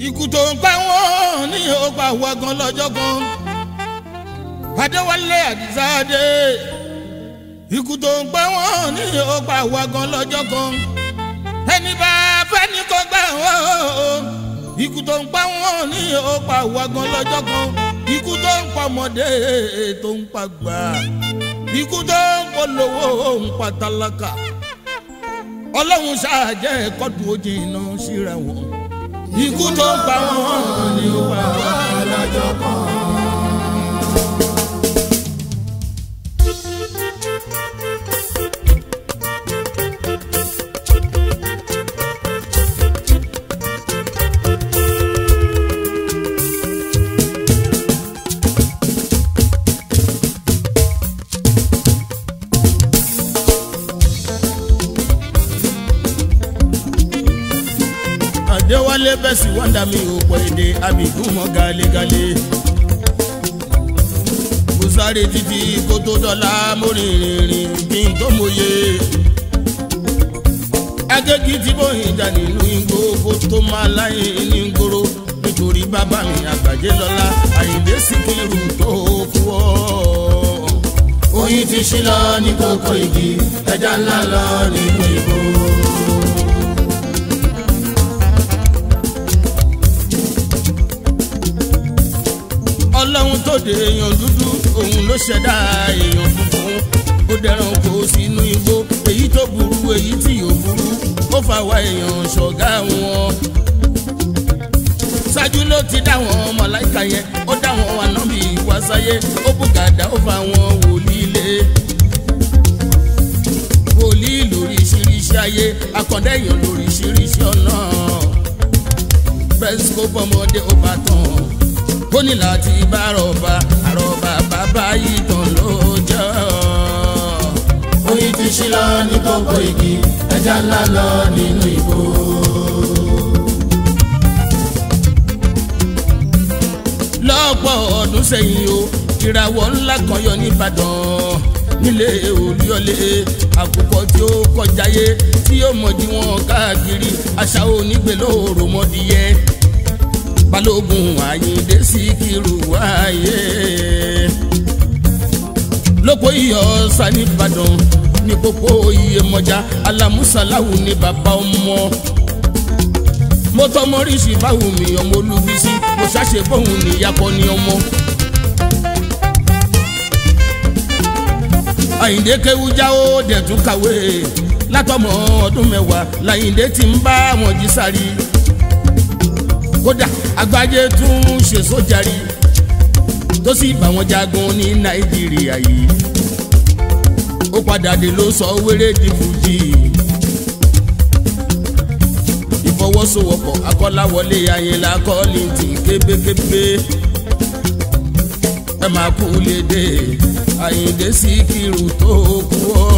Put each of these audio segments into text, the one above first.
ikú tó ń pa wọ́n ní ọgbà wọ́gán lọ́jọ́ kan Adéwálé Àdìsáadé ikú tó ń pa wọ́n ní ọgbà wọ́gán lọ́jọ́ kan ẹni bá fẹ́ ní kó gbà wọ́n ikú tó ń pa wọ́n ní ọgbà wọ́gán lọ́jọ́ kan ikú tó ń pa ọmọdé tó ń pa gbà ikú tó ń polówó ń pa tálákà ọlọ́run ṣáà jẹ́ kọ́dù ojì iná síra wọn ikú tó pa wọ́n ni ó pa wọ́n alájọpọ̀. wálé bẹ́sì wọ́ndà mi o pọ̀ èdè àbíkú mọ́ galegale. mo sáré títí kó tó dọ́là mo rìn rìn rìn kí n tó mòye. agégi tí mo hìn jà nínú igbó kó tó máa láyé ní gbòòrò nítorí bàbá mi àgbàjé lọ́la àyíndé Síkírù tó kú ọ́ oyin ti ṣí lọ ní kókó igi ẹja ńlá lọ nínú igbó. ohun tó de èèyàn dúdú òun ló ṣẹ̀dá èèyàn funfun ó dẹran kó sínú igbó èyí tó burú èyí tí ò burú ó fa wa èèyàn ṣọ̀gá wọn. ṣáájú ló ti dá wọn màláíkà yẹn ó dá wọn ànábì wá sáyé ó bùgàdá ó fa wọn wòlíì wòlíì lóríṣiríṣi ayé akọ̀dẹ́yàn lóríṣiríṣi ọ̀nà bẹ́ẹ̀ sọ́kọ́ bọ́mọdé ó bá tán ní láti bá rọ̀bà àrọ̀bà bàbá yìí tán lọ́jọ́. oyin ti ṣí lọ ní gbogbo igi ẹja ńlá lọ nínú ìbò. lọ́pọ̀ ọdún sẹ́yìn o ìràwọ̀ ńlá kan yọ nìbàdàn nílé olúyọlé àkùkọ tí ó kọjáyé tí ó mọ̀ jí wọn káàkiri àṣà onígbèlò òròmọdìyẹ balógun àyíndé síkírù wáyé lóko iyọ̀ sanibadàn ní pópó iyemọja alamusalahu ní bàbá ọmọ mo tọmọ ríṣì báwo mi ọmọ olúbísí mo ṣàṣe bóun níyàkọ ní ọmọ. àyíndé kéwújá ó dẹ̀ kàwé látọmọ ọdún mẹ́wàá làyíndé ti ń bá wọn jí sáré kódà àgbáyé tún ṣe sójà rí tó sì bá wọn jagun ní nàìjíríà yìí ó padà dé ló sọ wéré di fújì ìfọwọ́sowọ́pọ̀ akọ́láwọlé ayẹlẹ akọ́lìntì kébékébé ẹ máa kú léde àyíǹde sí kírù tó kú ọ́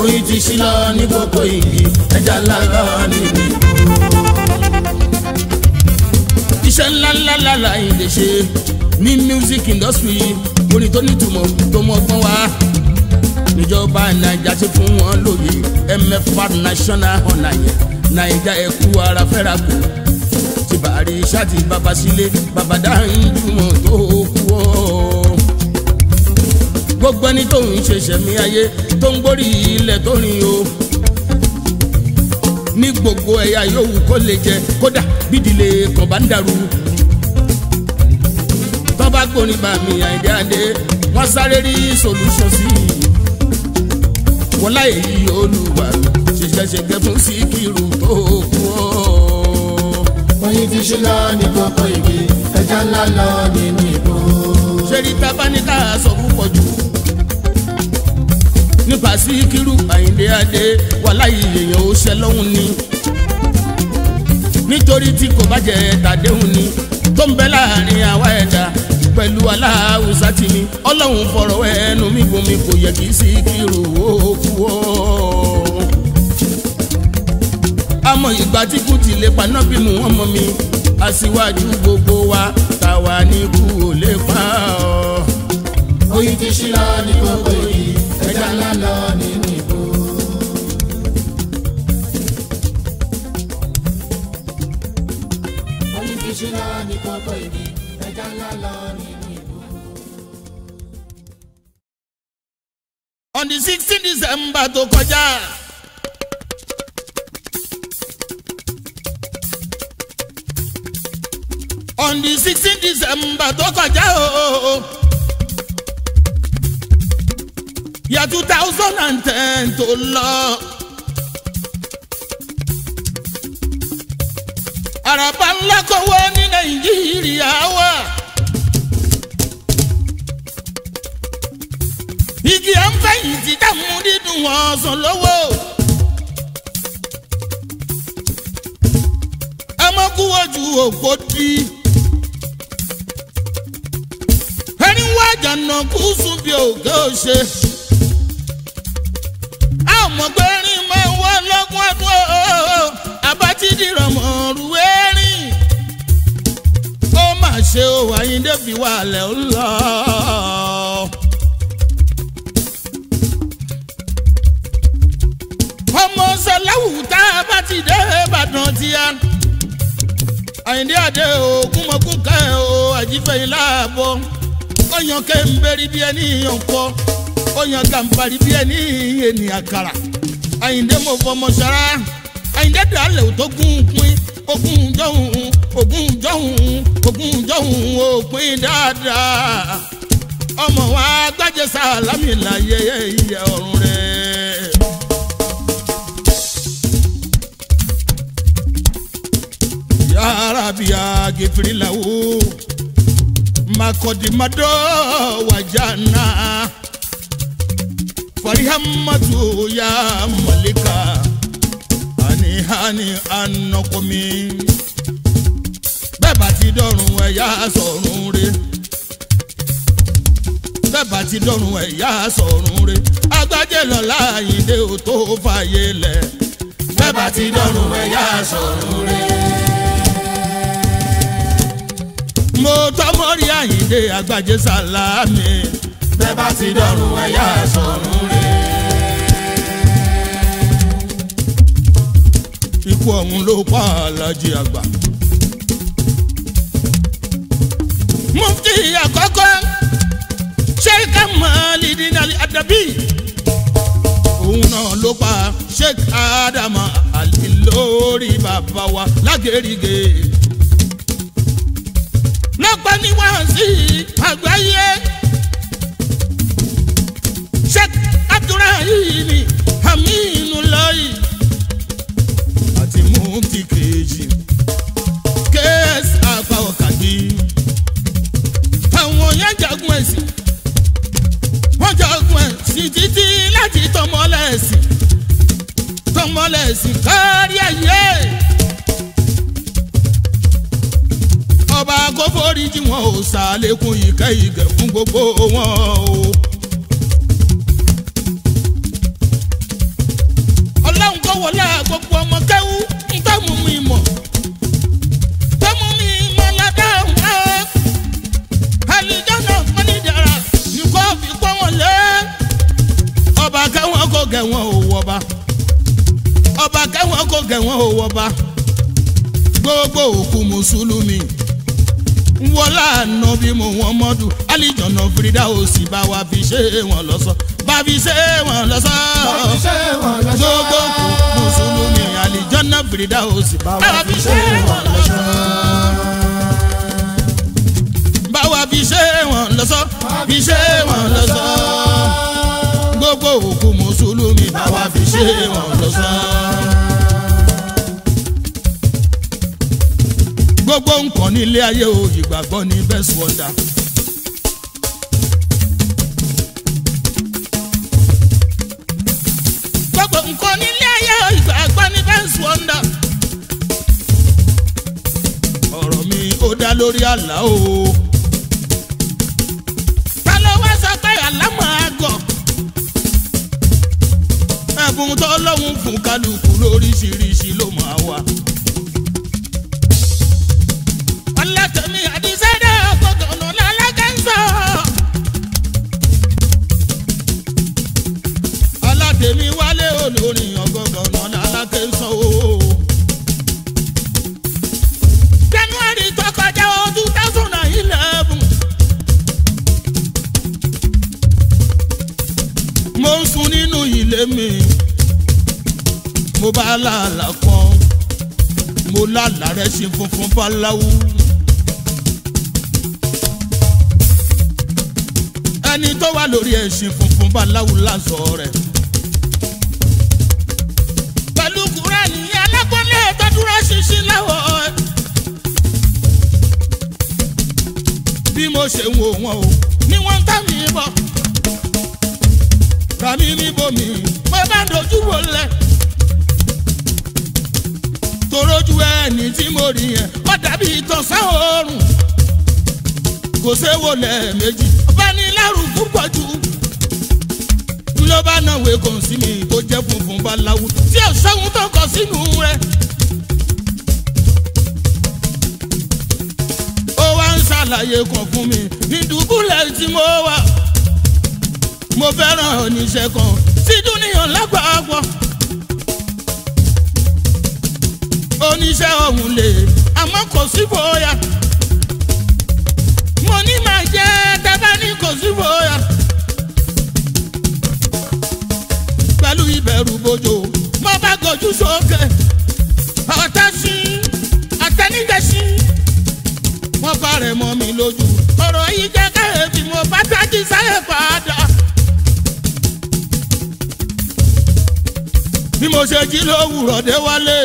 oyin ti ṣí lọ ní gbogbo ìlú ẹja lára nínú ìlú iṣẹ́ ńláńláńlá ìdè ṣe ní music industry orin tó nítumọ̀ tó mọ fún wa níjọba naija ṣe fún wọn lóye mfa national ọ̀nà yẹn naija ẹ̀kú ara fẹ́ra kù ti bàárí ṣáàtì bàbá sílé bàbá dáhùn jùmọ̀ tó kú ọ́ gbogbo ẹni tó ń ṣe ṣẹ̀mí ayé tó ń gbórí ilẹ̀ tó rìn o ní gbogbo ẹ̀yà yòówù kó lè jẹ kódà bídìlé kan bá ń dàrú. tọ́ba gbórin bá mi àìdí àdé wọ́n sáré rí solution sí i. wọ́n láyé yí olúwa ṣèṣẹ́ṣẹ́gẹ́ fún síkírù tó kú ọ́. oyin ti ṣú lọ ní kókó igi ẹja ńlá lọ nínú ìbò. ṣé rí tábánikà sọ púpọ̀ jù nípa síkírù àyíndé adé wàláyé èèyàn ó ṣẹlọ́hún ni nítorí tí kò bá jẹ́ tàdéhùn ni tó ń bẹ láàrin àwa ẹ̀dá pẹ̀lú aláwùsá tì mí ọlọ́run fọ̀rọ̀ ẹnu mi bomi kò yẹ kí sí kírù ó kú ó. àmọ́ ìgbà tí kú ti lè paná bí mu ọmọ mi aṣíwájú gbogbo wa tàwa ní kú ò lè pa ọ́. oyin ti ṣí lọ ní gbogbo yìí ẹja ńlá lọ nínú. on the sixteen december tó kọjá. on the sixteen december tó kọjá o. yà two thousand and ten tó lọ. àràbà ńlá kọ́wọ́ ní nàìjíríà wà. igi à ń fẹ̀yìntì dààmú dídùn ọ̀sán lówó. ọmọkúwò ju òpó tí. ẹni wá jàǹdà kú sùn bí ògé òṣè. a ò mọ̀ pé rí máa ń lọ́gbọ́n ọdún ọ̀ọ́ àbátí dìrọ̀ mọ̀ ṣe o Àyìndé fi wà lẹ̀ ń lọ. ọmọ sẹlẹ̀wù tá a bá ti dé Ìbàdàn ti yá. Àyìndé àdé o kúmọ̀kún kẹ́ o àjífẹ̀yìn láàbọ̀ ọyàn kẹ́ńbẹ́rì bí ẹni yàn kọ́ ọyàn gàǹfààrí bí ẹni ènìyàn kàrà Àyìndé mo fọmọ sára Àyìndé dàlẹ́ ò tó gún un pín ogún jọ̀hún ogún jọ̀hún ogún jọ̀hún òpin dáadáa ọmọ wa gbájẹsà lámìláyé ìyá ọ̀run rẹ̀. yàrá bíi àgèfèrè làwọ̀ makọ̀dìmọ́dọ́ wàjà farihamadu ya malika hani anakomi bẹ́ẹ̀ ti dọ̀run ẹ̀yà sọ̀run re bẹ́ẹ̀ bá ti dọ̀run ẹ̀yà sọ̀run re agbájẹ́ lọ́la ìdè ò tó fàyè lẹ̀ bẹ́ẹ̀ bá ti dọ̀run ẹ̀yà sọ̀run re. mo tọ́mọ́rí àyíndé àgbàjẹ́ sálámì bẹ́ẹ̀ bá ti dọ̀run ẹ̀yà sọ̀run re. ikú ọ̀hún ló pa alájí àgbà. mufti àkọ́kọ́ sheikh amalidin adabi òun náà ló pa sheikh adama ali lórí bàbá wa lágèrègè. lọ́pàá ní wàásì àgbáyé sheikh abdulrahim aminulayi ti mú ti kejì ks àgbà ọ̀kadì àwọn yẹn jagun ẹ̀sìn wọ́n jagun ẹ̀sìn títí láti tọmọlẹ́sìn tọmọlẹ́sìn kárí ayé. ọba kóforíjì wọn ò sàlékún ìkẹ́ ìgẹ̀ fún gbogbo wọn o. ọlọ́run kọ́ wọlé. gẹ̀ wọ́n ò wọba ọba kẹ́wọ́n kò gẹ̀ wọ́n ò wọba gbogbo òkú mùsùlùmí wọlá ànábì mò wọ́n mọ́dù alìjọ̀nà fìdá òsì bá wa fi ṣe wọn lọ́sọ̀ bá fi ṣe wọn lọ́sọ̀ gbogbo òkú mùsùlùmí alìjọ̀nà fìdá òsì bá wa fi ṣe wọn lọ́sọ̀ bá wa fi ṣe wọn lọ́sọ̀ fi ṣe wọn lọ́sọ̀ gbogbo òkú mùsùlùmí mùsùlùmí bá wa fi ṣe wọn lọ́sàn gbogbo nǹkan nílé ayé o ìgbàgbọ́ ni best wonder. gbogbo nǹkan nílé ayé o ìgbàgbọ́ best wonder. ọ̀rọ̀ mi ó dá lórí àlá o. fún kálukú lóríṣiríṣi ló máa wà. falawu. ẹni tó wà lórí ẹṣin funfun bá láwùlá rẹ̀. ṣẹ́gun tí dúníyàn lágbàáwọ̀. oníṣẹ́ ọ̀hún lè àmọ́ kò sí bóyá. mo ní màá jẹ́ dábàá ní kò sí bóyá. pẹ̀lú ìbẹ̀rù bójò mo bá gòjú sókè ọ̀tá sí àtẹnidẹ́ sí mo bá rẹ̀ mọ́ mi lójú ọ̀rọ̀ yìí jẹ́ káyé bí mo bá tají sáyé pàtó. mo ṣe jí lówùrọ̀ dé wálé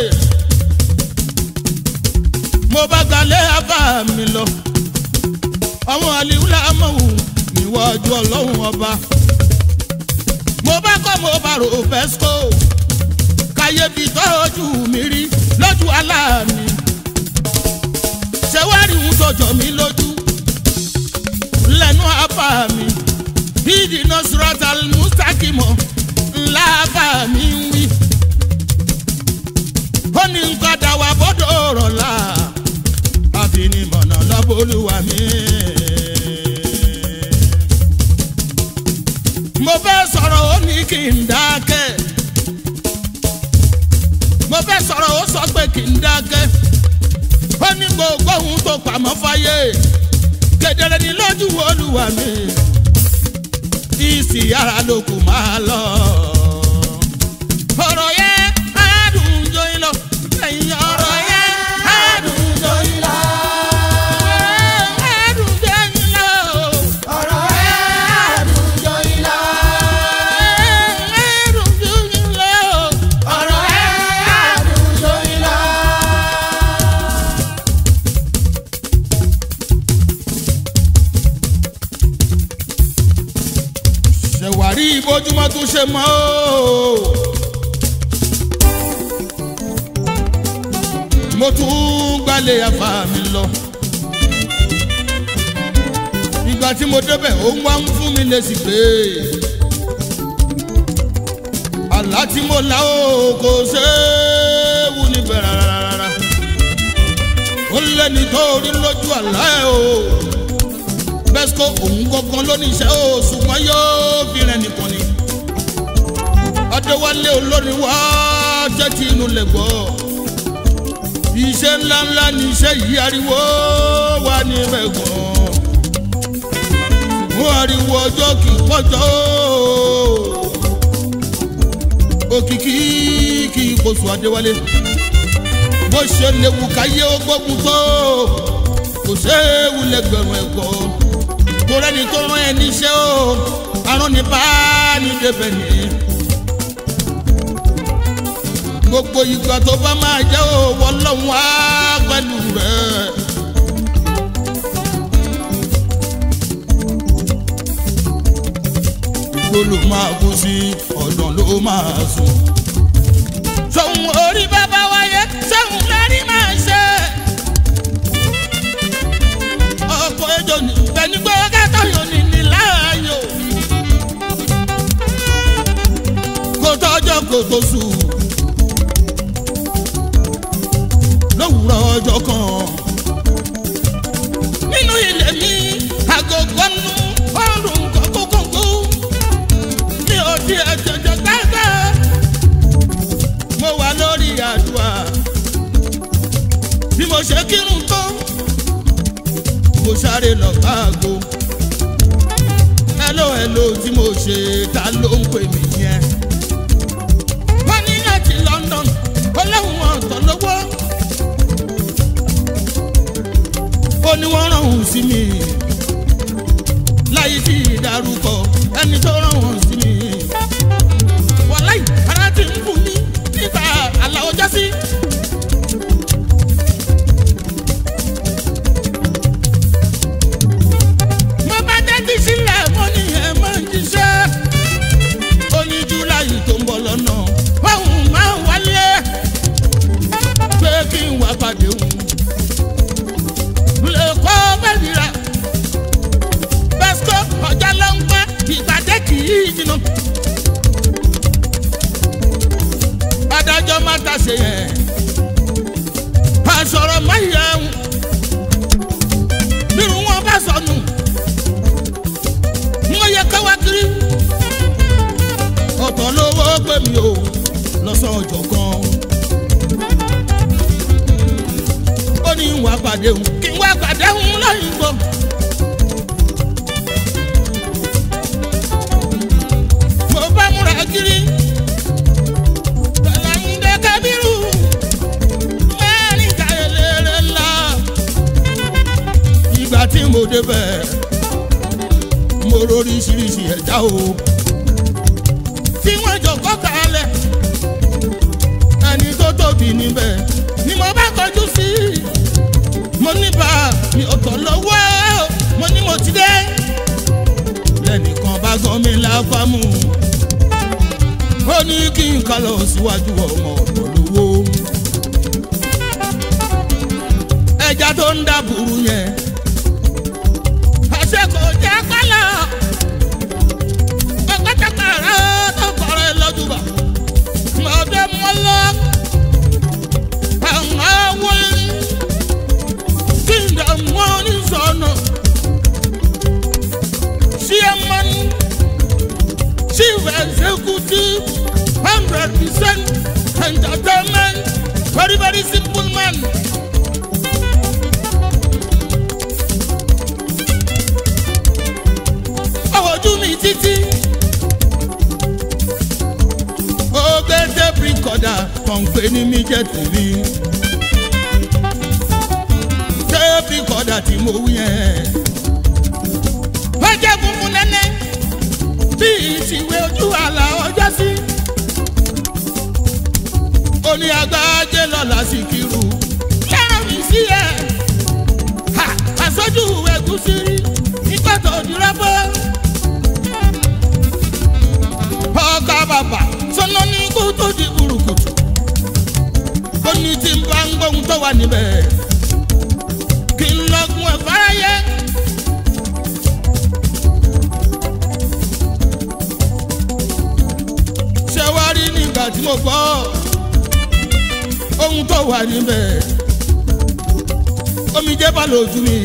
mo bá gbalé abá mi lọ ọmọ aliwula amọ̀wù níwájú ọlọ́run ọba mo bá kọ́ mo bá rò fesco kàyébi tó ojú mi rí lójú aláàmì ṣé wá rí ohun tó jọ lójú lẹ́nu abá mi bíi di nasirat al-mustaqim ńlá abá mi ń wí ó ní ń padà wá bọ́dọ̀ ọ̀rọ̀ la àfinimọ̀nà lọ́bọ̀ olúwa mi. mo fẹ́ sọ̀rọ̀ ó ní kí n dákẹ́ mo fẹ́ sọ̀rọ̀ ó sọ pé kí n dákẹ́ ó ní gbogbo ohun tó pamọ́ fáyé kedere ni lójú olúwa mi ìsì ara ló kù máa lọ. bójúmọ́ tún ṣe mọ́ o. mo tún gbalẹ̀ àfa mi lọ. ìgbà tí mo débẹ̀ ó ń wá ń fún mi lésì pé àlá tí mo lá o kò séwu níbẹ̀ rárá. ó lẹ́ni tó rí lójú àlá ẹ̀ o. Besco òun gangan ló iṣẹ́ o ṣùgbọ́n yóò fi rẹ̀ nìkan ni. Adéwálé olórin wá jẹ́ ti inú lè gbọ́. Iṣẹ́ ńláńlá ni iṣẹ́ yìí ariwo wà ní mẹ́gàn. Mú ariwo ọjọ́ kì í pọ̀jọ́ òkìkí kì í kóso Adéwálé. Bó ṣe léwu káyé ó gbógun tó kò séwu lẹ́gbẹ̀rún ẹ̀kọ́ mo rẹ́ni tó rán ẹ níṣẹ́ o arán ni bá ní débẹ̀ ní. gbogbo ìgbà tó bá máa jẹ́ o wọ́lọ́hún á pẹ̀lú rẹ̀. gbogbo ló máa kú sí ọ̀dàn ló máa sùn. sọ̀hún orí bàbá wáyé sọ̀hún lárí máa ṣe. ọkọ̀ ejò ní bẹ́ẹ̀ nígbà tayò nìní láàyò kò tọ́jọ́ kò tó sùn. pàdéhùn kí n wá pàdéhùn lóyìnbó. mo bá múra kiri pẹ̀lú àyíndé kábírù mẹ́rin káyọ̀lẹ́rẹ́ ńlá. ìgbà tí mo débẹ̀ mo roríṣiríṣi ẹ̀dá o tí wọ́n jọ kọ́ ẹni tó tóbi níbẹ̀ ni mo bá kọjú sí i mo ní bá mi ò tọ̀ lọ́wọ́ mo ní mo ti dé lẹ́nìkan bá gan mi láfàmù ó ní kí n kà lọ síwájú ọmọ olówó ẹja tó ń dàbùrù yẹn. sọnù chairman chief executive hundred percent entertainment very very simple man. ojú mi títí ó gbé débìrì kọ̀dà kọ̀ǹpé ní mi jẹ́ tèmi. ọjà tí mo wí yẹn. ó jẹ́ funfun nẹ́nẹ́ bí ìtìwé ojú àlà ọjọ́ sí. ó ní agbájé lọ́la sí kírù yẹ́rù sí ẹ̀. àṣojú ẹ̀gúsí nígbà tó dúró bọ́. ọkà bàbà sọ́nà ní kó tó di kùrùkùtù. ó ní tí n bá ń gbóhun tó wà níbẹ̀ ọ̀gùn ọ̀fáráyé. ṣé wá rí nígbà tí mo gbọ́ ohun tó wà níbẹ̀ omi jẹ́ bá lójú mi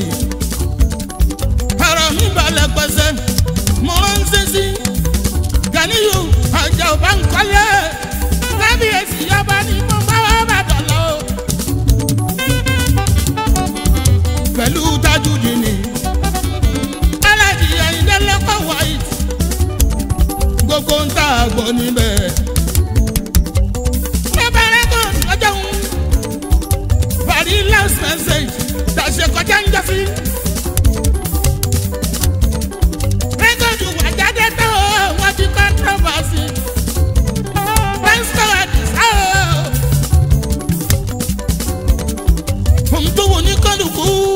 ara mi balẹ̀ pẹ́sẹ́ mo ń ṣe sí Ganiyu Àjàò Bánkọ́lé lábíyèsí yaba ni mo. kókó ń tà gbọ́ níbẹ̀. bàbá rẹ́gọ̀n ọjọ́ òun parí last message tàṣe kọjá ń jọ́sí. rẹ́gọ̀n ìwà jáde tó wọ́n ti controversy. pásítọ̀ àdìsá o. fún tó wọ ní kọ́lùkù.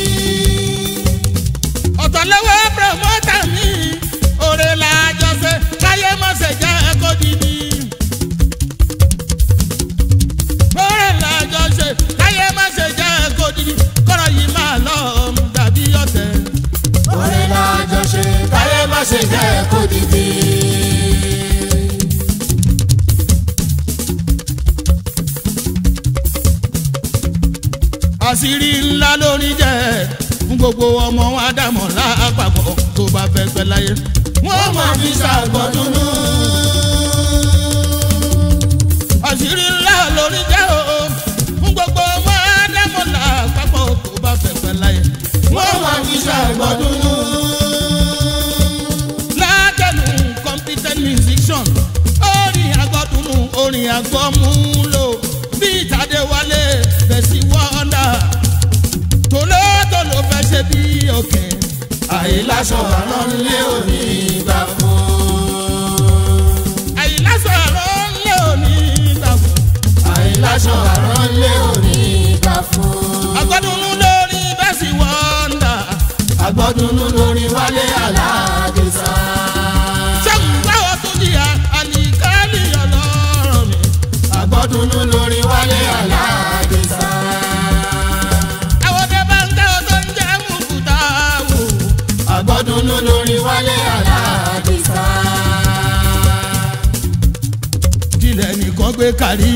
ṣe bẹ́ẹ̀ kó dìde. àṣírí ńlá lórí jẹ́ fún gbogbo ọmọ Ádámọ̀ lápapọ̀ tó bá fẹ́ pẹ́ láyé. wọ́n máa fi ṣàgbọ́dúnú. àṣírí ńlá lórí jẹ́ o fún gbogbo ọmọ Ádámọ̀ lápapọ̀ tó bá fẹ́ pẹ́ láyé. wọ́n máa fi ṣàgbọ́dúnú. àgbọ̀ mú lò bí ìtàdé wálé fèsì wọ́ndà tòlótòló fẹ́ ṣe bí òkè. àyíláṣọ àlọ́ nílé òní ìgbà fún. àyíláṣọ àlọ́ nílé òní ìgbà fún. àyíláṣọ àlọ́ nílé òní ìgbà fún. àgbọ̀dúnú lórí fèsì wọ́ndà. àgbọ̀dúnú lórí wálé àgbà. kárí.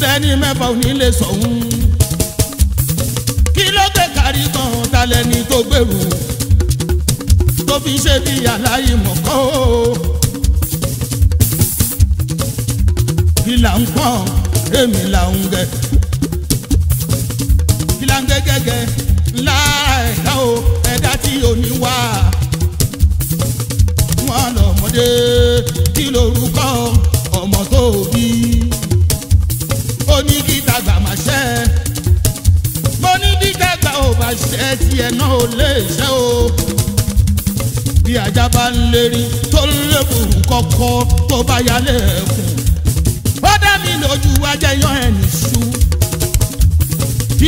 sẹ́ni mẹ́fà ò ní lè sọ̀hún kí ló gbé kárí kan dalẹ̀ ni tó gbèrú tó fi ṣe bí aláìmọ̀ kọ́ o. kí là ń pọ́n èmi là ń gẹ̀ kí là ń gẹ́ gẹ́gẹ́ ńlá o ẹ̀dá tí ò ní wá dé kí lorúkọ ọmọ tó bí ó ní kí dàgbà má ṣe mo ní kí dàgbà ò bá ṣe tiẹ̀ náà ò lè ṣe o bí ajá bá ń lérí tó ń lékùn kọ́kọ́ tó bá yálé ẹ̀kún ó dá mi lójú ajẹyàn ẹ̀ nìṣú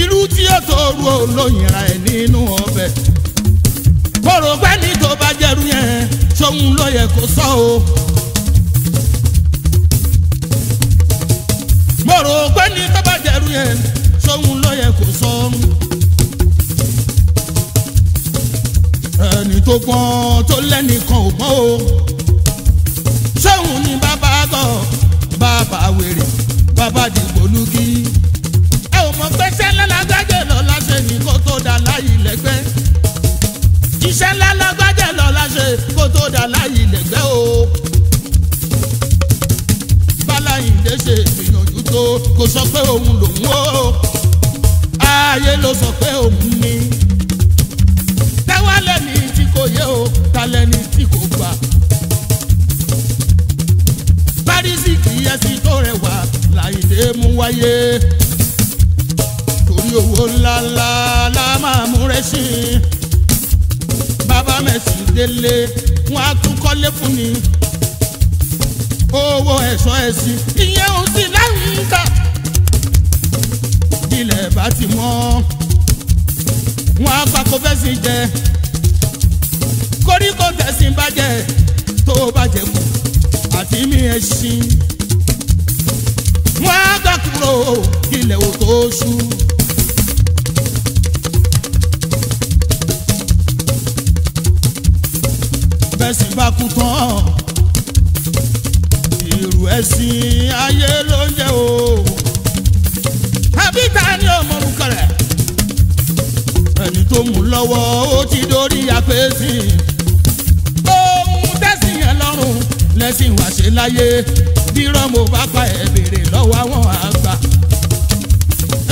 ìlú tí ó tó ru olóyìnra ẹ̀ nínú ọbẹ̀ kòrògbẹ́ni jẹ̀rú yẹn ṣóun ló yẹ kó sọ o. mo rò pé ní tó bá jẹ̀rú yẹn ṣóun ló yẹ kó sọ. ẹni tó gbọ́n tó lẹ́nìkan ò gbọ́n o. ṣóun ni bàbá gọ̀ bàbá wèrè bàbá dìgbò lùkì. ẹ ò mọ̀ pé sẹ́lẹ̀ lágbájẹ́ lọ́la ṣe ní kó tó dà láyé lẹ́gbẹ́. iṣẹ́ ńlá lágbájẹ́ ṣe kó tó dà láyé lẹ́gbẹ́ o. bálayìndé ṣe gbìyànjú tó kò sọ pé òun lòun o. ayé ló sọ pé òun ni. tẹ́wọ́ lẹ́ni tí kò yé o ta lẹ́ni tí kò gbà. párísì kìí ẹsìn tó rẹwà láyìndé mú wáyé. torí owó ńláńlá la máa mú sí i bá mẹ̀sì délé wọn á tún kọ́lé fún mi owó ẹ̀ṣọ́ ẹ̀sìn ìyẹn ò sí láyìn ká ilẹ̀ bá ti mọ́ wọn á bá kó fẹ́sìn jẹ koríko tẹ̀sìn bàjẹ́ tó bàjẹ́ kù àti mi ẹ̀sìn wọn á gbà kúrò ilẹ̀ ò tó ṣú. tẹ̀sìn bá kú tán irú ẹ̀sìn ayé ló ń jẹ́ o àbí ta ni ọmọ orúkọ rẹ̀ ẹni tó mú lọ́wọ́ ó ti dórí apèsè ohun tẹ̀sìn yẹn lọ́rùn lẹ́sìn wá ṣe láyé bí rọ́mọ bá pa ẹ̀ béèrè lọ́wọ́ àwọn àgbà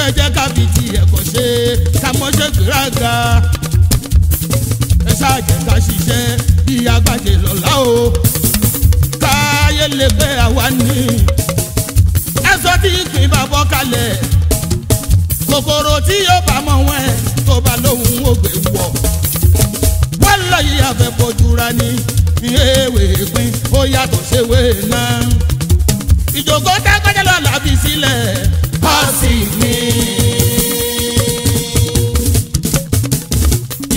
ẹ jẹ́ ká fi ti ẹ̀kọ́ ṣe ká mọ́ ṣe gbéraga ẹ ṣáà jẹ́ ká ṣiṣẹ́ ìyá gbàjẹ lọ́la o káyé lè fẹ́ àwa ní ẹ̀sọ́ tí kì í bá bọ́ kalẹ̀ kòkòrò tí yóò bá mọ̀ wọ́n ẹ̀ tó bá lóhùn ògbè wọ̀ wọ́n lọ yìí àfẹ́ bójúra ní ìhèwè pín ó yàtọ̀ séwé náà ìjòkó tágbájá lọ́la fi sílẹ̀ pàṣẹ mi.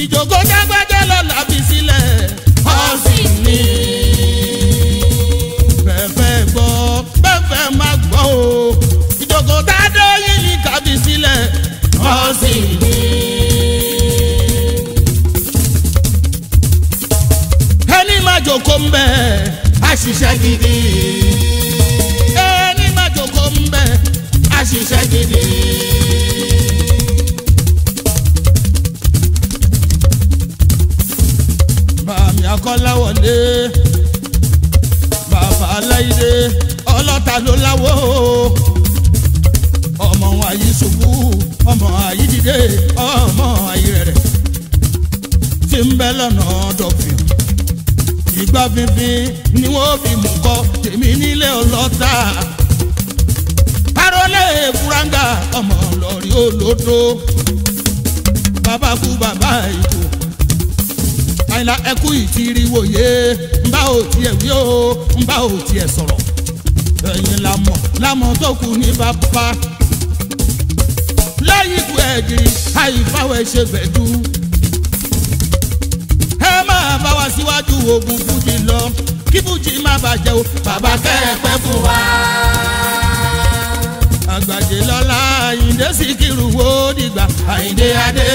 ìjòkó tágbájá. kọ́sìdì. ẹni máa jòkó ń bẹ̀ àṣìṣe gidi. ẹni máa jòkó ń bẹ̀ àṣìṣe gidi. Màmí Akọ́láwọlé bàbá aláìdé ọlọ́ta ló láwọ́ o ayé ṣubú ọmọ ayé dìde ọmọ ayé rẹ̀ ti ń bẹ́ lọ́nà dọ̀fìn ìgbà fífin ni wọ́n fi mú kọ́ tèmi nílé ọlọ́ta parọ́lẹ̀ fúráńgà ọmọ lọ́rí olódó bàbá kú bàbá ìkó àyìnlá ẹkú ìtìrí wòye ń bá ò tiẹ̀ wí o ń ò tiẹ̀ sọ̀rọ̀ ẹ̀yìn làmọ̀ làmọ̀ tó kù ní bàbá lẹ́yìn ikú ẹ̀dì àìfáwẹ̀ ṣe fẹ̀dú. ẹ máa bá wa síwájú ogun fújì lọ kí fújì má bàjẹ́ o bàbá kẹ́ ẹ pẹ́ fún wa. àgbàjẹ lọ́la àyíndé síkírù wo dìgbà àyíndé adé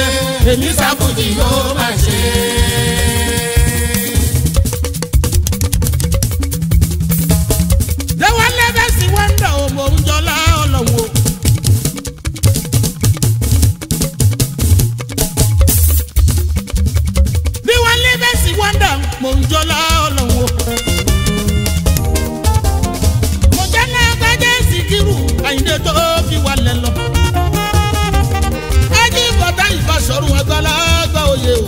èmi sáfùjì yóò máa ṣe é. mò ń jọlá Àyìndé tó fi wálẹ̀ lọ. ẹni bọ̀dá ìbá sọ̀rọ̀ àgbàlagbà òye o.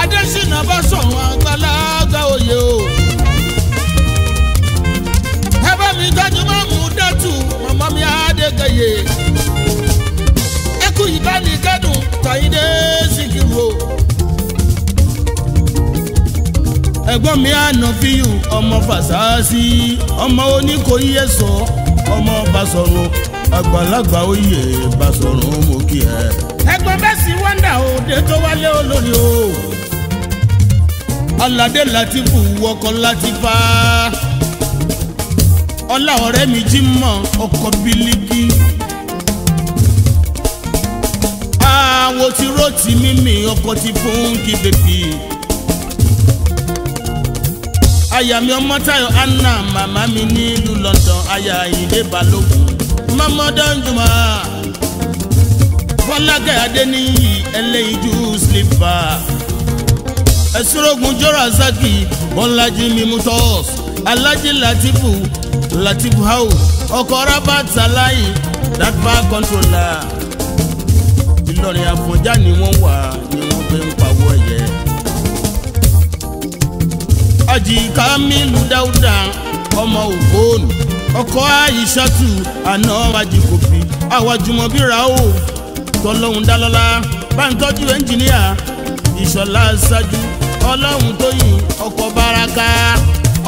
Adésínà bá sọ̀rọ̀ àgbàlagbà òye o. ẹ bá mi tọ́jú mọ́mú dẹ́tù mọ́mọ́ mi á dé gẹ̀yẹ́. ẹ̀gbọ́n mi ànàfíyù ọmọ fàṣáàṣì ọmọ oníkóyè sọ ọmọ Basọ̀run àgbàlagbà oyè Basọ̀run mo kí ẹ. ẹ̀gbọ́n bẹ́ẹ̀ sí wọ́ndà òde tó wálé olórí o aládé látìfù wọkọ̀ látìfà ọlá ọ̀rẹ́ mi jí mọ́ ọkọ̀ bílíkì. àwọn tí ró ti mímì ọkọ̀ ti fún kí bèbí aya mi ọmọ Táyọ̀ anna màmá mi nílùú London aya Àyìndé Balógun mọ́mọ́dán jùmọ̀ Fọlákẹ́ Adéníyì ẹlẹ́yinjú sílífà ẹ̀sùrọ̀gùn jọ́ra zaki bọ́lájú mímútọ́s alájí Latifu Latifu hau ọkọ̀ rabat alayi datba controller Ìlọrin Àfọ̀njá ni wọ́n wà ni wọ́n gbé ń pawọ́ ẹ̀yẹ. Àjì Kamilu Dáúdà ọmọ Ògbóònù ọkọ Àyíṣàtù àná Àjì Kòfi àwàjùmọ̀ bíra o tọ́lọ́hún dálọ́lá bá ẹnjìníà Ìṣọ̀lá ṣáájú ọlọ́hún tóyìn ọkọ̀ báraka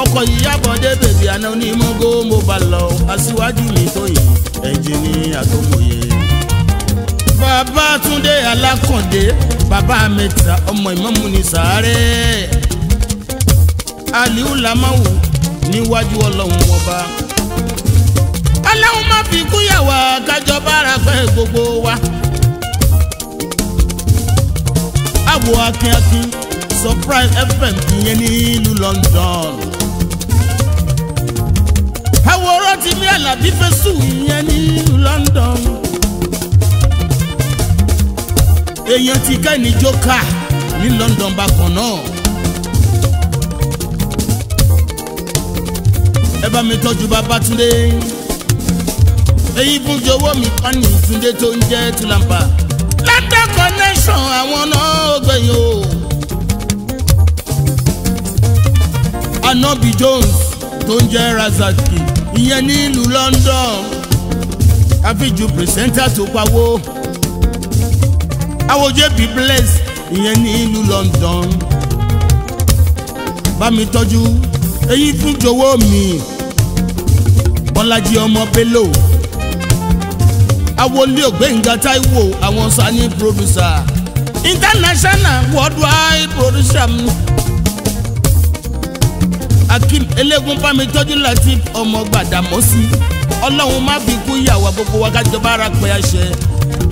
ọkọ̀ ìyábọ̀dé bèbí àná onímọ̀gó mo bá lọ aṣíwájú mi tóyìn ẹnjìníà tó mòye. Bàbá Túndé Alákàndé bàbá ọmọ ìmọ̀mù ní sàárẹ̀ aliu lamawu níwájú ọlọ́run ọba. ọlọ́run má fi kúyàwá kájọ bára pẹ́ gbogbo wa. àwọ̀ akínyakín surprise fm ìyẹn nílùú London. àwòrán ti ní àlàbí fẹ́sù ìyẹn nílùú London. èèyàn ti ká ní jókà ní London bákan náà. ẹ bá mi tọ́jú Babátúndé èyí fún jọ̀wọ́ mi pánì Túndé tó ń jẹ́ tùlàǹpà ládà connection àwọn náà ó gbẹ̀yìn o. Anobi Jones tó ń jẹ́ Razaki ìyẹn nílùú London àfijù pìrìsẹ́ńtà tó pawó àwòjẹ́ bí bless ìyẹn nílùú London bá mi tọ́jú èyí fún jọ̀wọ́ mi bọ́lájí ọmọ bello awolé ògbéǹga taiwo, àwọn sani producer international worldwide producer akim eléegun bá mi tọ́jú láti ọmọ gbàdámọ́sí ọlọ́run má fi kú ìyàwó gbogbo wákàtí ọba ara pé àṣẹ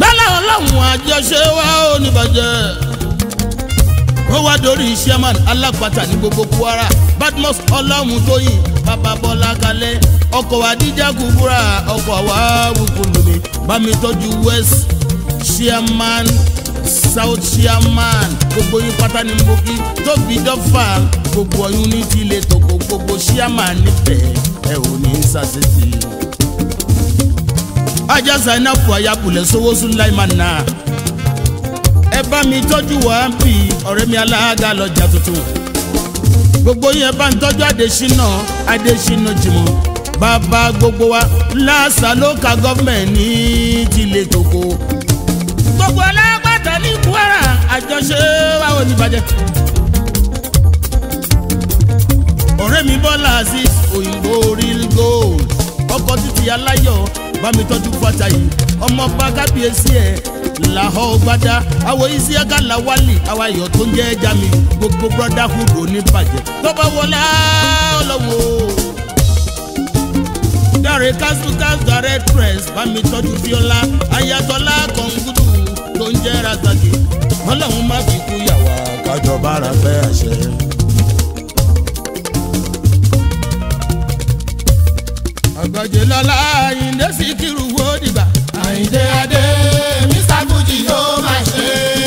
lọ́nà ọlọ́run àjọṣe wa ò ní bàjẹ́ ó wá dórí chairman alápàtà ní gbogbo Kwara Badmus Ọlámùtóyìn bàbá Bọ́lá kalẹ̀ ọkọ̀ àdíjà kúbúrà ọkọ̀ àwa wùkúndùmí bámi tọ́jú west sherman, south sherman, gbogbo yín pátá ní mbókí tóbi dọ́fà gbogbo ọyún ní tilẹ̀ tòkó gbogbo chairman nífẹ̀ẹ́ ẹ ò ní sàṣẹ́sì. ajá zainab ayabulẹ̀ sowó sùn láìmánà ẹ bá mi tọ́jú wá ń pì ọ̀rẹ́ mi alága lọ́jà tuntun gbogbo yẹn bá ń tọ́jú Adésínà Adésínà Jimoh bàbá gbogbo wa lásà ló ka gọ́fìmẹ̀ntì ní tilẹ̀ koko gbogbo alágbàtà ní Kwara àjọṣe wa ò ní bàjẹ́ ọ̀rẹ́ mi Bọ́lá sí òyìnbó real gold ọkọ̀ títí aláyọ̀ bá mi tọ́jú Fátáyì ọmọ bá kábíyèsí ẹ̀ làhọ́ gbádá àwọn isi agala làwálì àwọn ayọ̀ tó ń jẹ́ ẹja mi gbogbo brotherhood òní bàjẹ́ tó bá wọlé ọlọ́wọ́. dáre kásùkásù dáre press bámi mi tọ́jú fíọ́lá ayatollah kọ̀ǹgùdù ló ń jẹ́ razaki ọlọ́run má fi kú yàwá kájọba ara fẹ́ àṣẹ. àgbàjẹ́ lọ́la ìndẹ́sí kìrù wo dìgbà. Àyìndé Adé Mr Fuji ló máa ṣe é.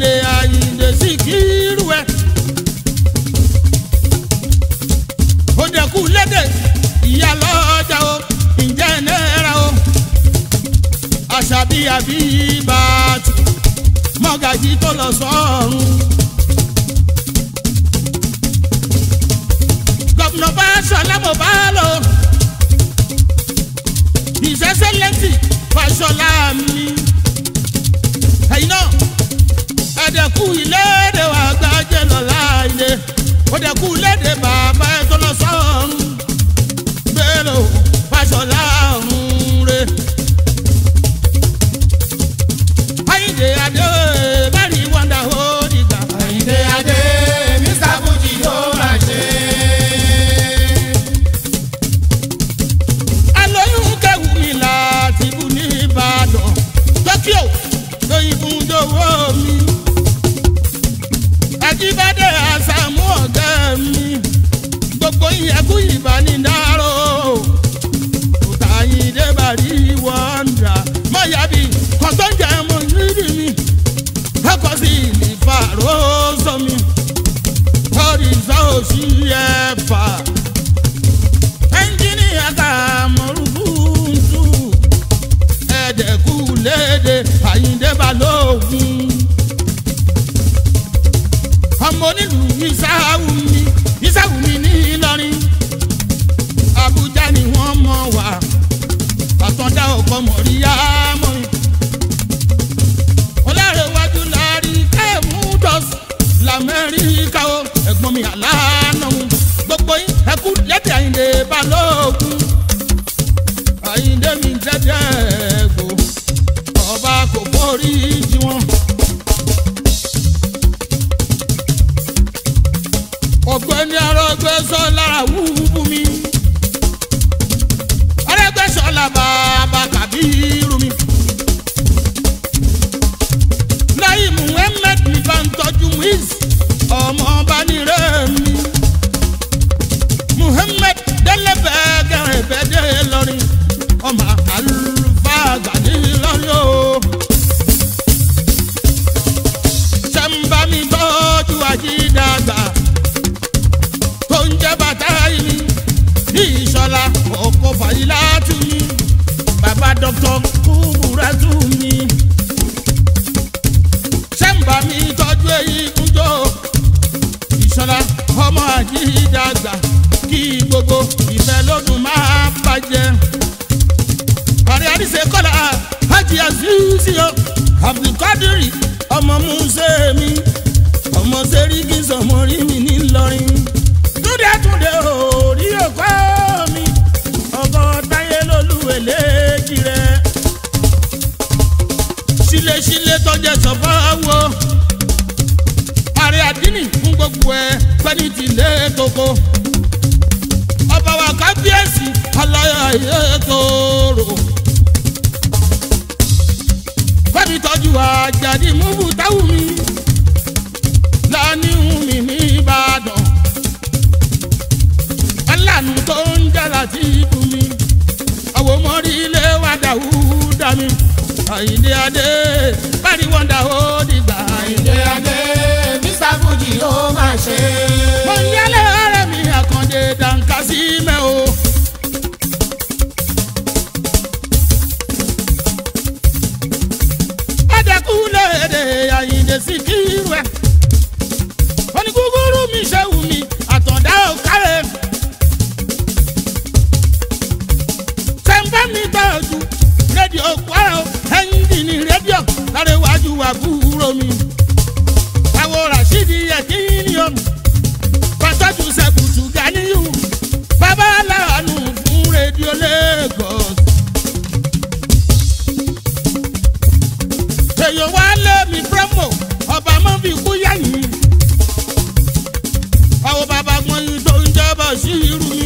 ni Àyìndé Síkírù ẹ̀. ó dẹ̀kú lédè ìyá lọ́jà o ǹjẹ́ náírà o àṣàbí àbí bàtú mọ́gàjì tó lọ sọ́ọ̀rùn. gọ́fúnà bá ṣọlá bá lò ìṣẹ́ṣẹ́ lẹ́tì fàṣọlá mi ẹ̀yin náà dẹ̀kú ilédè wà gbájẹ́ lọ́la ilé ó dẹ̀kú ilédè bàbá ẹ̀ tó lọ sọ́run gbèrò fàṣọlá. ò sí ẹ̀fà ẹnjìníà ká mọ̀rúkúntù ẹ̀dẹ̀kú léde Àyìndé Balógun ọmọ onílùú ìsáhàwù mi ìsáhàwù mi ní Ìlọrin Àbújá ni wọ́n mọ̀ wá àtọ́já ọkọ̀ mọ̀ríyá. lamẹ́ríkà o ẹ̀gbọ́n mi àlànà o gbogbo yín ẹkú lẹ́dẹ̀ àyìndé balógun àyìndé mi jẹ́jẹ́ gbò ọba kò forí jí wọn. ọ̀gbẹ́ni arọ́gbẹ́sọ lára wúwú mi arẹ́gbẹ́sọ làbàbà tàbí irú mi. Idris ọmọ ọba nírẹ̀ mi Muhammed délẹ́bẹ̀ gẹ̀rẹ̀ bẹ́ẹ̀dẹ̀ lọ́rin ọmọ àlùfáà gàdí lọ́yọ̀. sẹ́ńbà mi tọ́jú àjídàgbà tó ń jẹ́ bàtà yìí ní ìṣọ́lá ọkọ̀ fàyílà tù mí bàbá dr kúrẹ́tù mi. Adémọ́lá ọmọ àjídàgbà kí gbogbo ìfẹ́ lódùn máa bàjẹ́. ọ̀rẹ́ àdìsẹ́ kọ́lá hajj azuziyo abdulkadiri ọmọ musa mi ọmọ serigi sọmọ rí mi ní túndé túndé o. wẹ fẹ́ni tìlẹ̀ koko. ọba wa kábíyèsí aláya yẹ tóró. fẹ́ni tọ́jú àjàdí múbù táwùn mi láníhùn mi ní Ìbàdàn. aláàánú tó ń jàlá tí ibù mi àwọn ọmọ rí ilé wa dàwú dá mi. Àyìndé Adé bá rí wọ́ndà ó dìgbà. Àyìndé Adé ló máa ṣe. mo yálé ọ̀rẹ́ mi àkànjẹ dànkà sí mẹ́ o. ọ̀dẹ̀kùnlé èdè àyìndé sí kí wẹ̀. onígúgúrú mi ṣe wù mí àtọ̀dá ò kárẹ̀. mi tọ́jú rédíò kwara ẹ̀yìn dì ní rédíò lára iwájú àbúrò mi jẹ́ kí ni omi pàtàkì sẹ́kùtù Ganiyu bàbá aláàánú mi promo ọba mọ́ fi kú yẹ̀yìn. àwọn bàbá gbọ́nyìn tó ń jẹ́bọ̀ sí irú mi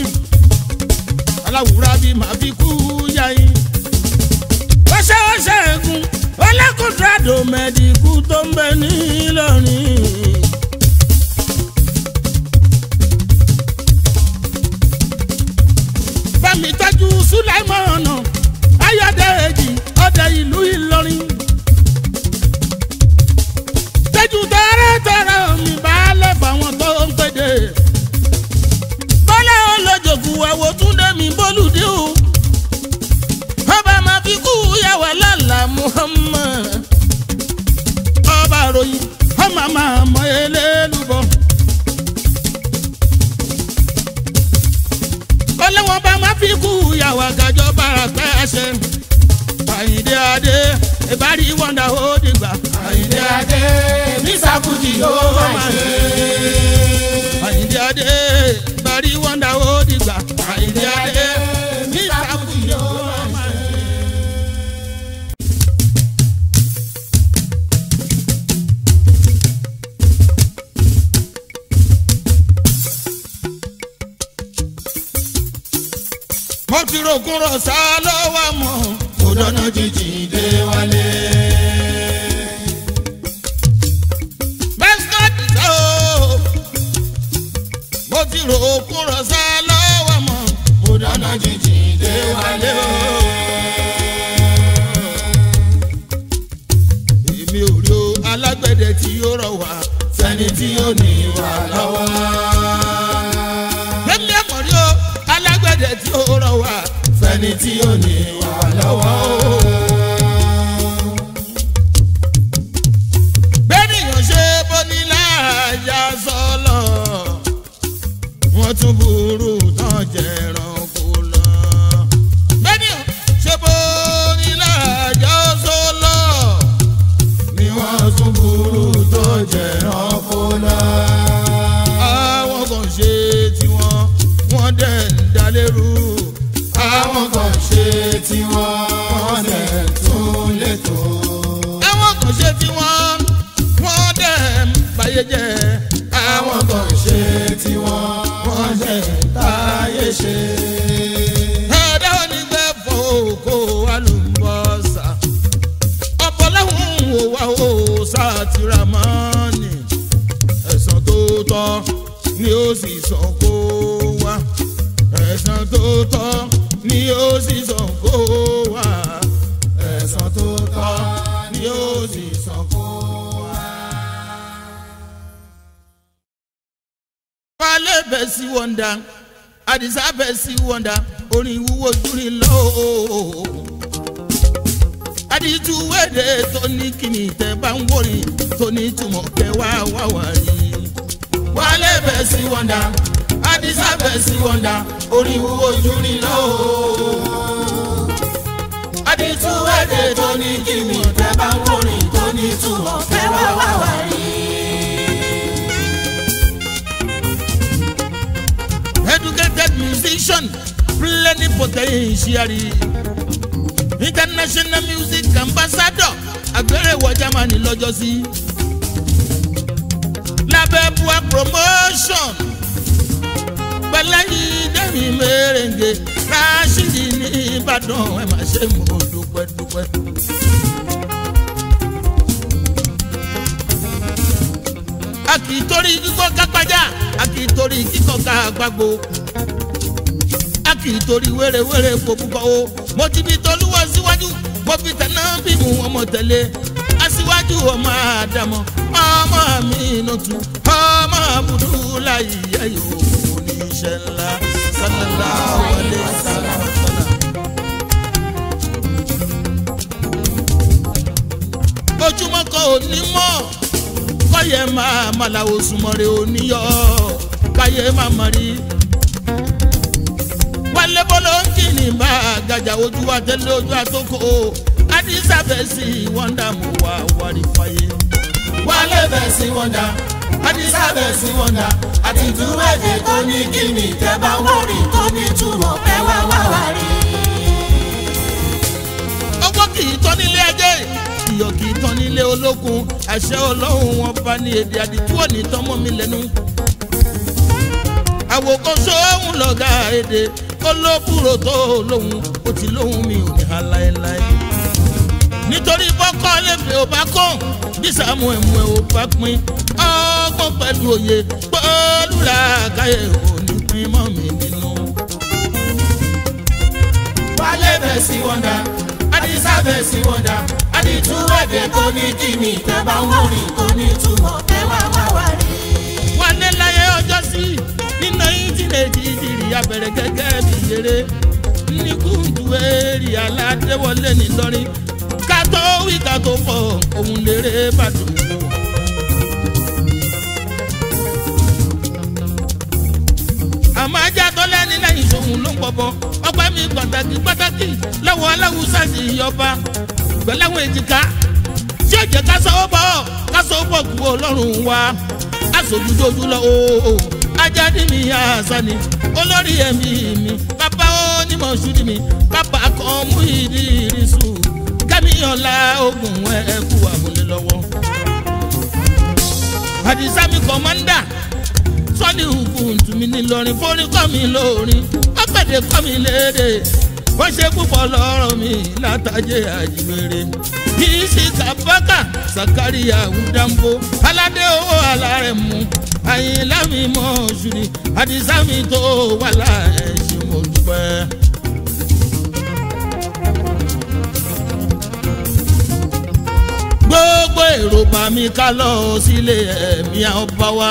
aláwùrá bíi màá fi kú yẹ̀yìn. ó ṣe mẹ́díkù tó ń bẹ ní Ìlọrin. mu ọmọ máa mọ elélùbọ. ọlọ́wọ́n bá má fi kú ìyàwó àgàjọba àgbẹ̀ ẹsẹ̀. Àyìndé Adé ìbárí wọ́ndà ó dìgbà. Àyìndé Adé mísàkùtì yóò máa ṣe sá lọ́wọ́ mọ́ kò dọ́nà jì. ẹni tí ò ní wà lọ́wọ́ o. musician, plenty potential, International music ambassador, Agbéléwọ̀ Germany lọ́jọ́ sí. Lábẹ́ Bua promotion, pẹ̀lẹ́yìn dẹ́rìn mèrèǹgè, Rashidi ní Ìbàdàn ẹ̀ máa ṣe mọ̀ dúpẹ́ dúpẹ́. A kì í torí kíkọ́ kápájà, a kì í torí kíkọ́ ká gbàgbó kì í torí o mo ti fi tolúwa síwájú mo fi tẹ̀lé bí mu ọmọ tẹ̀lé aṣíwájú ọmọ àdàmọ ọmọ mi nùtù ọmọ àbùdù láyé ayò oníṣẹ́ ńlá sálálá wọlé sálá. ojúmọ́ kan ò mọ́ kọ́yẹ̀ máa màlàwọ̀ sùnmọ́re ò níyọ̀ káyé má mọ̀ rí ilé bọ́lá ń kì ní bá àgàjà ojú wa tẹ́lẹ̀ ojú àtòkò àdìsá fèsì wọ́ndà mú wa wárí fàyè. wálé fèsì wọ́ndà àdìsá fèsì wọ́ndà àtìtúwẹ̀dẹ̀ tó ní kíni tẹ́bà wọ́rì tó ní túmọ̀ ẹ wá wá wá rí. ọwọ́ kì í tọ́ nílé ẹjẹ́ ìyọ̀ kì í tán nílé ológun àṣẹ ọlọ́run wọn bá ní èdè àdìtú òní tán mi lẹ́nu àwòkọ́ṣọ́ òun lọ́gàá èdè kó ló kúrò tó lóhun ó ti lóhun mi ò ní ha láéláé. nítorí kọ́kọ́ lèmi ò bá kó bí Sàámú ẹ̀mú ẹ̀ ò bá pín ọgbọ́n pẹ̀lú òye pẹ̀lú làákàyè ò ní pín mọ́ mi nínú. wálé bẹ̀ sí wọ́ndà àdìsá bẹ̀ sí wọ́ndà àdìtúwẹ̀dẹ̀ kò ní kí mi tẹ́ bá wọ́n rìn kò ní túmọ̀. tínéjì ìdìrí abẹ̀rẹ̀ gẹ́gẹ́ bí eré ní kùtù aládéwọlé nìlọrin ká tó tó fọ̀ òun lèrè bàdùn. àmọ́ ajá tó lẹ́ni lẹ́yìn ṣòun ló ń bọ̀bọ̀ ọgbà mi pàtàkì pàtàkì lọ́wọ́ aláwùsá sí ìyọba pẹ̀láwọn èjìká tí ó jẹ́ ká sọ́wọ́ bọ̀ ká sọ́wọ́ bọ̀ kú ọlọ́run wa aṣojú dojú lọ ajadi mi asani olórí ẹ̀mí mi bàbá onímọ̀ ṣùdí mi bàbá kan mú ìdí ìrísù kẹ́mi ọ̀la ogun ẹ̀kú àmúlẹ̀ lọ́wọ́. àdìsá mi kọ̀mọ́ndà sọ́ni ògùn tùmí nílọrin forin kọ́ mi lórin ọ̀pẹ̀dẹ̀ kọ́ mi léde wọ́n ṣe púpọ̀ lọ́rọ̀ mi látàjẹ́ àjìwèrè. kì í ṣe kàbákà sàkáríyà ń dánbó aládé owó alárẹ̀ mú àyìnlá mi mọ òṣùrì àdìsá mi tó wà láàyè ṣe mo dúpẹ́. gbogbo èrò bá mi ká lọ sílé ẹ̀mí ọba wa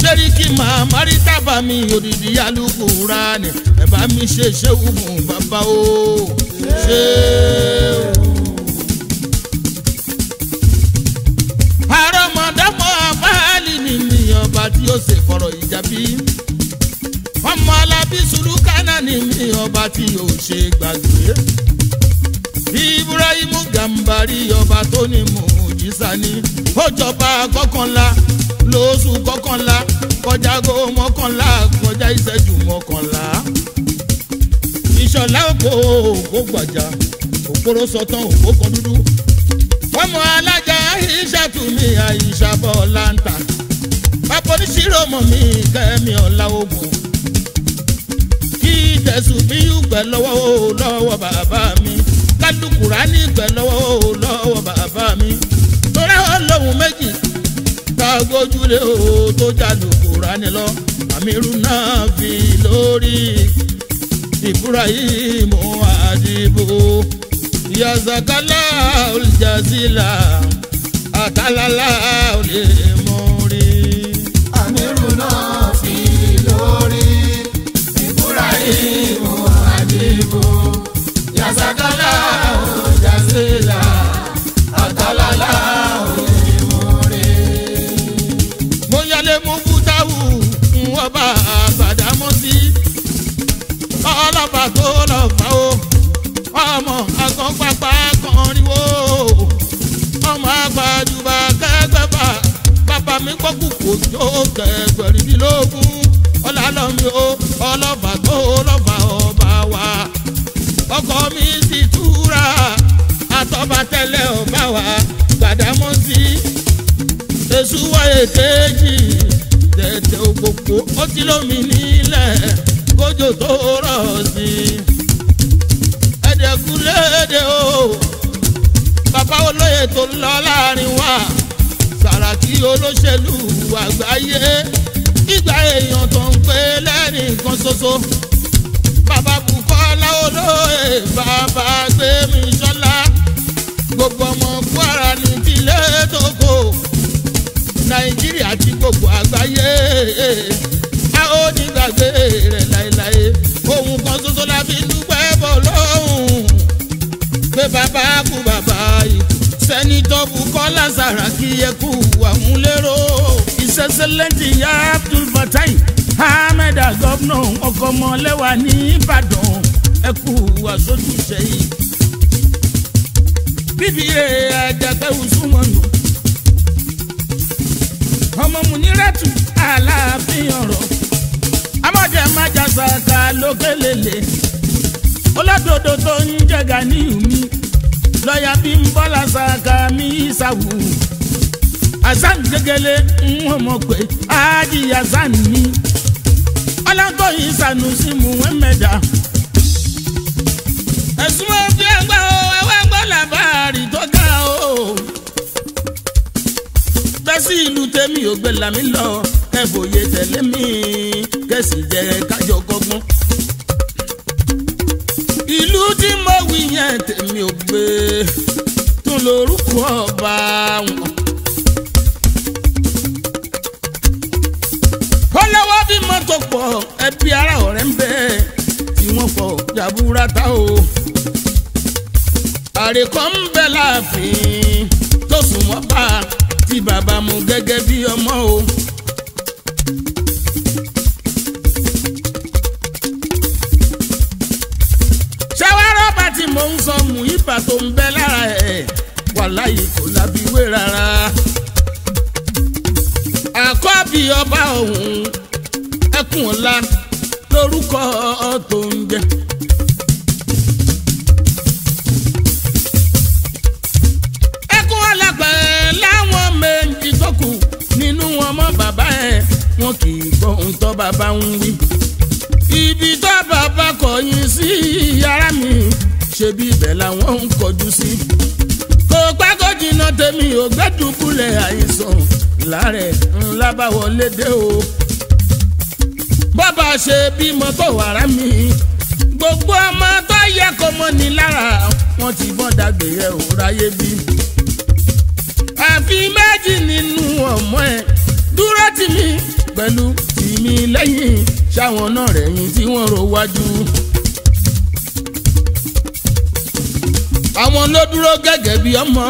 sẹ́ríkì máa márítà bá mi òdìdí alùpùpù ránì ẹ̀ bá mi ṣe ṣéwùmù bàbá o ṣéwù. ọba tí yóò ṣe fọ̀rọ̀ ìjà bí. ọmọ alábí sùlùkánà ni mi ọba tí yóò ṣe gbàgbé. Ibrahim Gambari ọba tó ní mùjísà ni ó jọba kọkànlá lóṣù kọkànlá kọjá go mọ́kànlá kọjá ìṣẹ́jú mọ́kànlá. ìṣọ̀lá òkò òkò gbàjà òpóró sọtán òkò kan dúdú. ọmọ alájà Aisha tún ní Aisha bọ́ọ̀lá ń ta aponíṣirò ọmọ mi kẹ́mi ọ̀la ogun kí tẹ̀sùn mi gbẹ lọ́wọ́ lọ́wọ́ bàbá mi kálukúrá ní gbẹ lọ́wọ́ lọ́wọ́ bàbá mi torí ọlọ́run méjì tagójúlé o tó jálùkúrá ni lọ Amiru irú náà fi lórí Ibrahim Adibo yazakala olùjàzílà àtàlálà olè mú. ọba àgbàdámọ́sí ọlọ́ba tó lọ fà ó ọmọ àgbọ̀npápá kan ríwó ọmọ àgbàjùbà kẹgbẹ́fà bàbá mi kọ́kù kò jó kẹgbẹ̀rìndínlógún ọlọ́lọ́mi ó ọlọ́ba tó lọ́ba ọba wa ọkọ mi sì túra àtọ́ba tẹ́lẹ̀ ọba wa Gbàdámọ́sí èṣù wáyé kéjì tètè òpópó ó ti lómi nílẹ̀ kójò tó rọ̀ sí i. ẹ̀dẹ̀kú léde o bàbá olóyè tó lọ láàrin wa Sàràkí olóṣèlú àgbáyé ìgbà èèyàn tó ń pè lẹ́nìkan ṣoṣo bàbá Bùkọ́lá olóyè bàbá Gbémisọ́lá gbogbo ọmọ Kwara ní tilé tó kò nàìjíríà ti gbogbo àgbáyé a ó ní gbàgbé rẹ̀ láéláé ohun kan ṣoṣo la fi dúpẹ́ bọ̀ lọ́hùn pé bàbá kú bàbá ikú sẹ́nitọ́ Bùkọ́lá Sàràkí yẹ kú àmúlérò. His Excellency Ìyá Abdul Fatai Ahmed gọ́vnọ̀ ọkọ̀mọlẹ́wà ní Ìbàdàn ẹ kú àsojúṣe yìí. bíbí ẹ̀ àjàgbẹ́ òsùnmọ̀nù. ọmọ Mùnírẹ́tù Aláàfin ọ̀rọ̀ amájẹ májà sàkà lókèlèlè olódodo tó ń jẹgà ní bí lọ́ọ̀yà Bímbọ́lá sàkà mí ìsàwù hasan gẹgẹlẹ ń ọmọ pé ájì hasan ni ọlọ́tọ̀ yìí Sanusi Muhammad ẹ̀sùn ọ̀bí ẹgbẹ́. sí ìlú tèmi ò gbé làmí lọ ẹ fòye mi kẹ̀sì jẹ kájọ kọ́gbọ́n. ìlú tí mo wí yẹn tèmi ò gbé tún lórúkọ ọba wọn. kọ́lọ́wọ́ bí mọ́tò pọ̀ ẹbí ara ọ̀rẹ́ ń bẹ tí wọ́n fọ jaburata o. àrèkọ́ ń bẹ láàfin tó sùn mọ́ bá a ti bàbá mu gẹ́gẹ́ bí ọmọ o. ṣẹ́wárọ́bà tí mò ń sọ Muibat tó ń bẹ lára ẹ̀ wàláyé kò lábíwé rárá. àkọ́bí ọba ọ̀hún ẹkùn ọ̀la lórúkọ tó ń jẹ. wọn kì í gbọ́ ohun tó bàbá ń wí. ibi tó bàbá kọ̀yìn sí yàrá mi ṣebí ibẹ̀ làwọn ń kọjú sí. kò pákó jìnnà tèmi ò gbẹ́dùkúlẹ̀ àìsàn láàrẹ̀ ńlá bá wọlé dé o. bọ́bá ṣe bímọ tó wàrà mi gbogbo ọmọ tó yẹ kó mọ́ ni lára wọn ti bọ́n dàgbé yẹ ò bí. àfi méjì nínú ọmọ ẹ dúró tì mí pẹ̀lú tìmí lẹ́yìn ṣáwọn náà rẹ̀yìn tí wọ́n rò wájú. àwọn ló dúró gẹ́gẹ́ bí ọmọ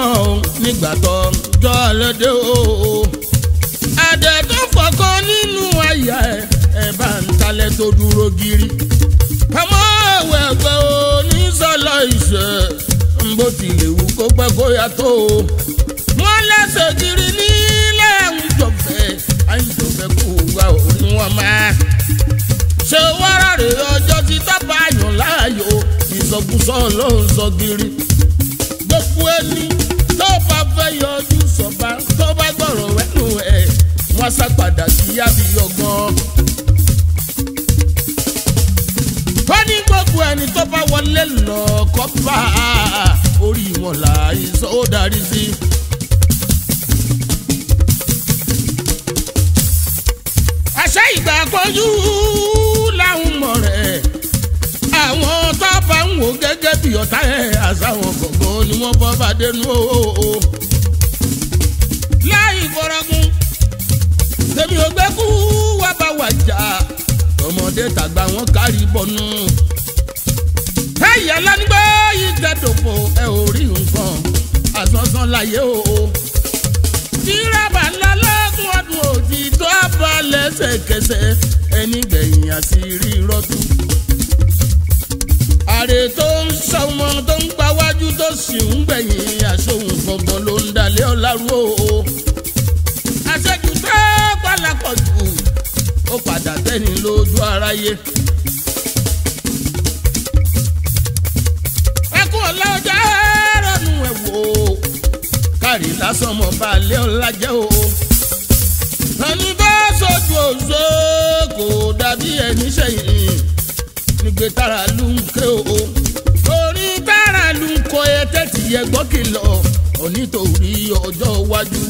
nígbà tó jọ́ o. àdẹ tó fọkàn nínú àyà ẹ̀ ẹ̀ bá ń talẹ̀ tó dúró gírí. ọmọ ẹ̀wẹ̀gbẹ́ o ní sọ́lá ìṣẹ́ bó tilẹ̀ wù kó pẹ́ kó yàtọ̀ o. wọ́n lẹ́sẹ̀ kiri ní wọn mẹ́. ṣé wàrà rè ọjọ́ tí tábà yàn láàyò ìsọkúsọ ló ń sọ kiri. gbogbo ẹni tó bá fẹ́ yọjú sọ̀bá tó bá gbọ̀rọ̀ wẹ́nu ẹ̀ wọ́n sá padà sí abiyọ̀ gan. ní gbogbo ẹni tó bá wọlé lọ bá orí wọn là sọ ó darí sí i. àṣẹ ìgbàgbọ́jú làwọn mọ̀ rẹ̀ àwọn tó bá ń wò gẹ́gẹ́ bí ọ̀tá ẹ̀ àṣàwọn gbọ̀ngàn ni wọ́n bọ́ bá dénú o. láì fọrọgùn tèmi ò gbẹ́kú wá bá wà jà ọmọdé tàgbà wọn kárí bọnú. ẹ̀yà lánigbó yìí gẹ́dọ̀pọ̀ ẹ ò rí nǹkan àsánsán láyé o. ṣe ẹni gbẹ̀yìn àṣírí rọ́tù. àrè tó ń sọmọ tó ń pawájú tó sì ń gbẹ̀yìn àṣòhun fọ̀gbọ̀n ló ń dalẹ̀ ọ̀làrú o. àṣejù tó pàlàpọ̀ jù ó padà tẹ́ni lójú aráyé. ẹkún ọ̀la ọjà rọ̀nù ẹ̀wò kárì lásán mọ̀ balẹ̀ ọ̀la jẹ́ o ṣoṣo kò dàbí ẹni ṣẹ̀yìn nígbè tára ló ń ké o orí tára ló ń kọ ẹ tẹ́tì ẹgbọ́n kìlọ̀ ọ̀ ọjọ́ iwájú.